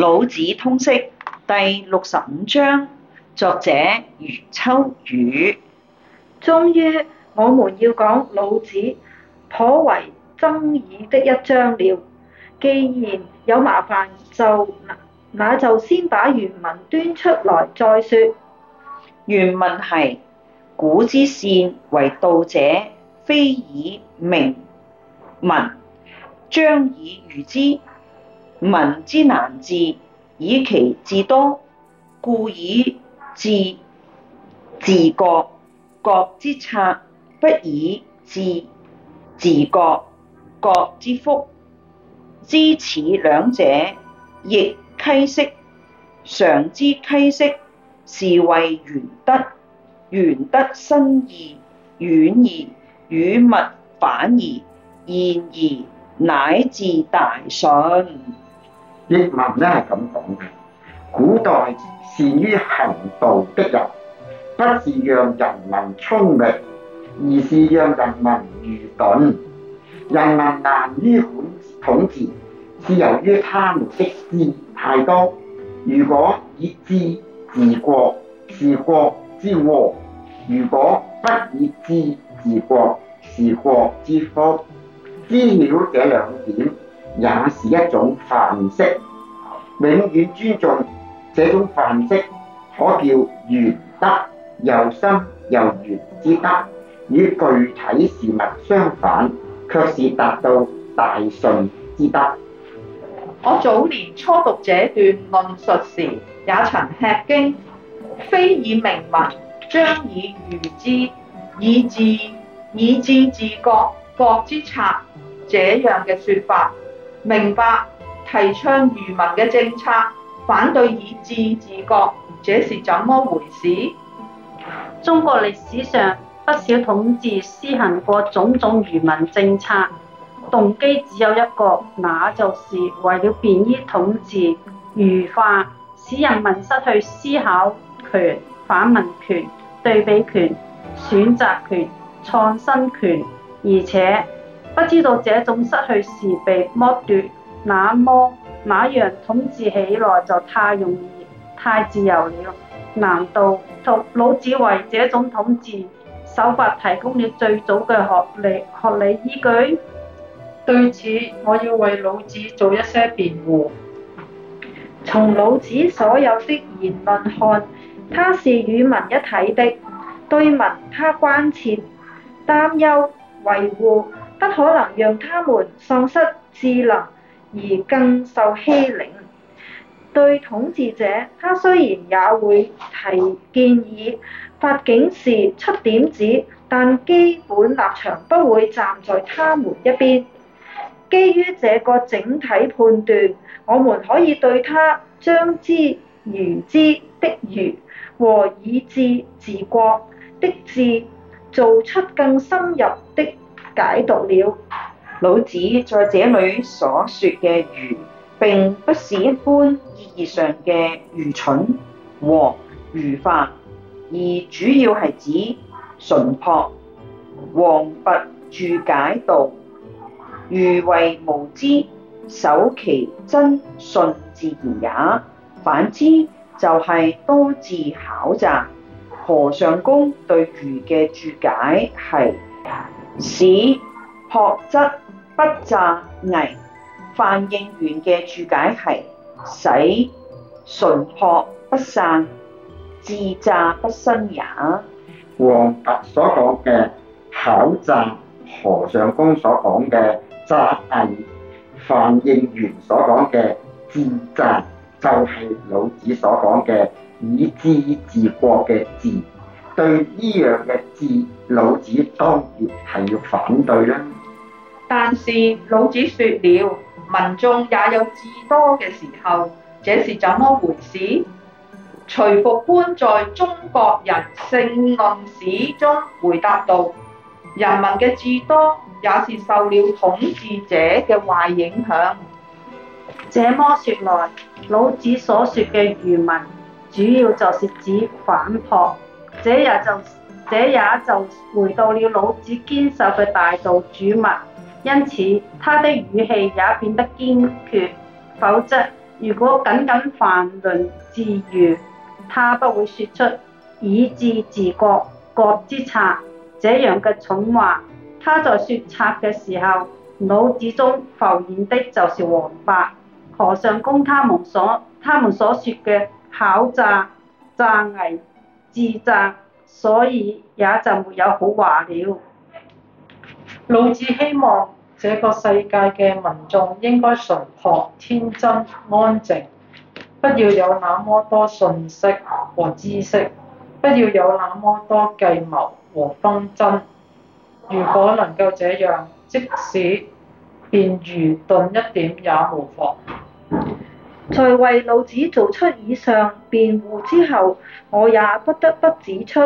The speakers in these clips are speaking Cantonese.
老子通釋第六十五章，作者余秋雨。終於，我們要講老子頗為爭議的一章了。既然有麻煩，就，那就先把原文端出來再說。原文係：古之善為道者，非以明民，將以愚之。民之難治，以其智多，故以智治國，國之賊，不以智治國，國之福，知此兩者，亦稽式。常知稽式，是謂玄德。玄德深矣，遠矣，與物反矣，然後乃至大順。譯文呢係咁講嘅，古代善於行道的人，不是讓人民聰明，而是讓人民愚鈍。人民難於管統治，是由於他們的智太多。如果以智治國，是國之禍；如果不以智治國，是國之福。知曉這兩點。也是一種範式，永遠尊重這種範式，可叫圓德，又深又圓之德，與具體事物相反，卻是達到大順之德。我早年初讀這段論述時，也曾吃驚，非以明文將以愚之，以智以智治國，國之策」。這樣嘅說法。明白提倡愚民嘅政策，反對以智治國，這是怎麼回事？中國歷史上不少統治施行過種種愚民政策，動機只有一個，那就是為了便於統治，愚化使人民失去思考權、反問權、對比權、選擇權、創新權，而且。不知道這種失去是被剝奪，那麼那樣統治起來就太容易、太自由了。難道老老子為這種統治手法提供了最早嘅學理學理依據？對此，我要為老子做一些辯護。從老子所有的言論看，他是與民一體的，對民他關切、擔憂、維護。不可能讓他們喪失智能而更受欺凌。對統治者，他雖然也會提建議、發警示、出點子，但基本立場不會站在他們一邊。基於這個整體判斷，我們可以對他將以愚之的愚和以智治國的智做出更深入的解讀了老子在這裡所說嘅愚，並不是一般意義上嘅愚蠢和愚法，而主要係指淳樸。王弼注解道：愚為無知，守其真，信自然也。反之就係多智巧詐。河上公對愚嘅注解係，使學則不詐偽。范應元嘅注解係使純樸不散，智詐不生也。王弼所講嘅巧詐、河上公所講嘅詐偽、范應元所講嘅智詐，就係、是、老子所講嘅以智治國嘅智。對呢樣嘅治，老子當然係要反對啦。但是老子説了，民眾也有智多嘅時候，這是怎麼回事？徐復觀在《中國人性論史》中回答道：人民嘅智多，也是受了統治者嘅壞影響。這麼說來，老子所説嘅愚民，主要就是指反撲。這也就這也就回到了老子堅守嘅大道主脈，因此他的語氣也變得堅決。否則，如果僅僅泛論自愚，他不會說出以智治國，國之賊這樣嘅重話。他在說賊嘅時候，腦子中浮現的就是王弼、河上公他們所他們所說嘅巧詐詐偽。自責，所以也就沒有好話了。老子希望這個世界嘅民眾應該純朴、天真、安靜，不要有那麼多信息和知識，不要有那麼多計謀和紛爭。如果能夠這樣，即使便愚鈍一點也無妨。在為老子做出以上辯護之後，我也不得不指出，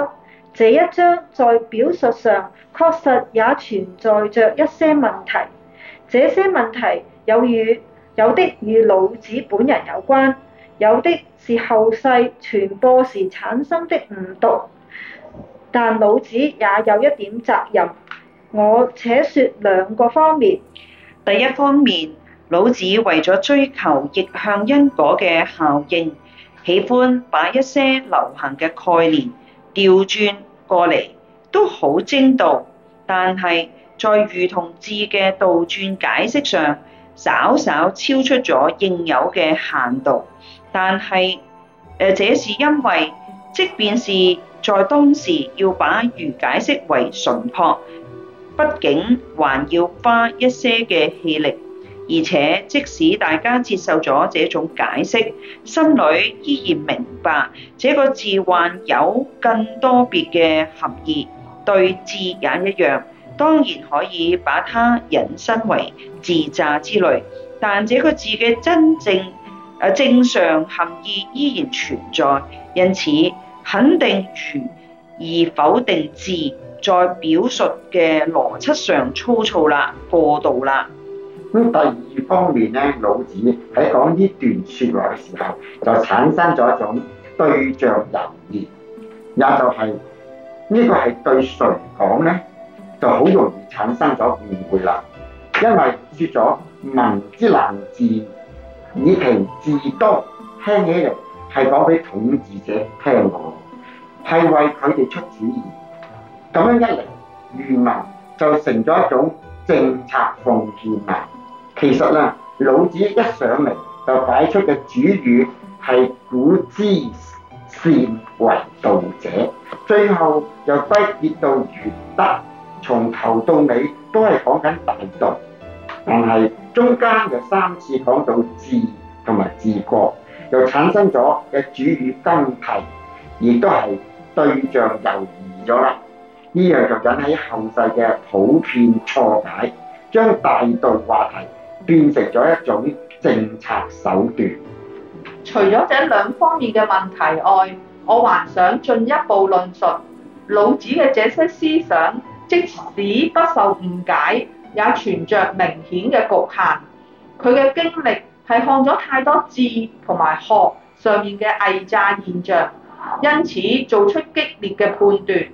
這一章在表述上確實也存在着一些問題。這些問題有與有的與老子本人有關，有的是後世傳播時產生的誤讀，但老子也有一點責任。我且說兩個方面，第一方面。老子為咗追求逆向因果嘅效應，喜歡把一些流行嘅概念調轉過嚟，都好精到。但係在愚同字嘅倒轉解釋上，稍稍超出咗應有嘅限度。但係誒、呃，這是因為即便是在當時要把愚解釋為純樸，畢竟還要花一些嘅氣力。而且，即使大家接受咗這種解釋，心裏依然明白這個字還有更多別嘅含義，對字也一樣，當然可以把它引申為自詐之類，但這個字嘅真正正常含義依然存在。因此，肯定愚而否定字，在表述嘅邏輯上粗糙啦，過度啦。咁第二方面咧，老子喺講呢段説話嘅時候，就產生咗一種對象猶疑，也就係呢個係對誰講呢，就好容易產生咗誤會啦。因為説咗民之難治，以其智多，聽起嚟係講俾統治者聽喎，係為佢哋出主意。咁樣一嚟，愚民就成咗一種政策奉獻啊！其實啊，老子一上嚟就擺出嘅主語係古之善為道者，最後又歸結到玄德，從頭到尾都係講緊大道，但係中間又三次講到治同埋治國，又產生咗嘅主語更替，亦都係對象猶豫咗啦。呢樣就引起後世嘅普遍錯解，將大道話題。變成咗一種政策手段。除咗這兩方面嘅問題外，我還想進一步論述老子嘅這些思想，即使不受誤解，也存着明顯嘅局限。佢嘅經歷係看咗太多字同埋學上面嘅偽詐現象，因此做出激烈嘅判斷。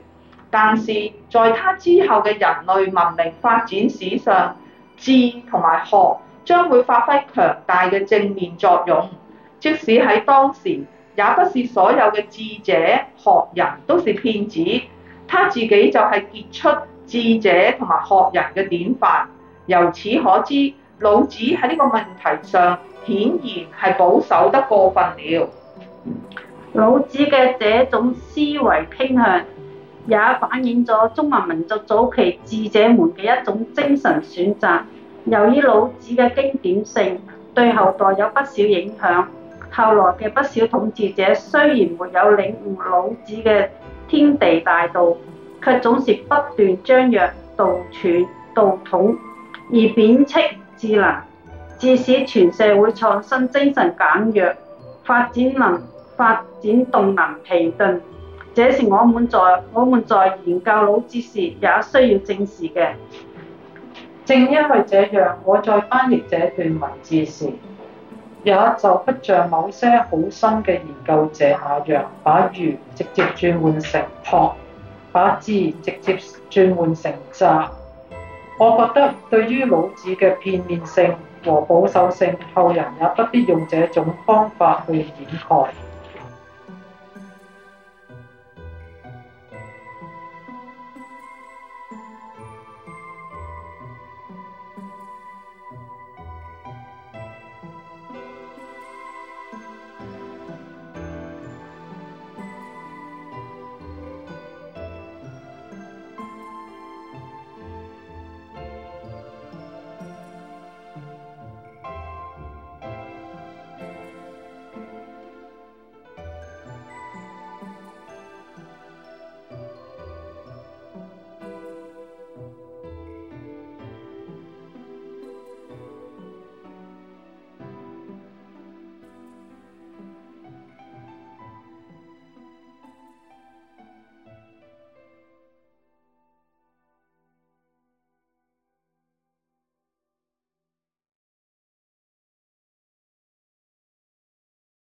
但是在他之後嘅人類文明發展史上，智同埋學將會發揮強大嘅正面作用，即使喺當時，也不是所有嘅智者、學人都是騙子，他自己就係傑出智者同埋學人嘅典範。由此可知，老子喺呢個問題上，顯然係保守得過分了。老子嘅這種思維傾向，也反映咗中華民族早期智者們嘅一種精神選擇。由於老子嘅經典性，對後代有不小影響。後來嘅不少統治者雖然沒有領悟老子嘅天地大道，卻總是不斷張揚、道傳、道統而貶斥智能，致使全社會創新精神減弱，發展能發展動能疲頓。這是我們在我們在研究老子時也需要正視嘅。正因為這樣，我在翻譯這段文字時，也就不像某些好心嘅研究者那樣，啊，把愚直接轉換成托」，把智直接轉換成詐。我覺得對於老子嘅片面性和保守性，後人也不必用這種方法去掩蓋。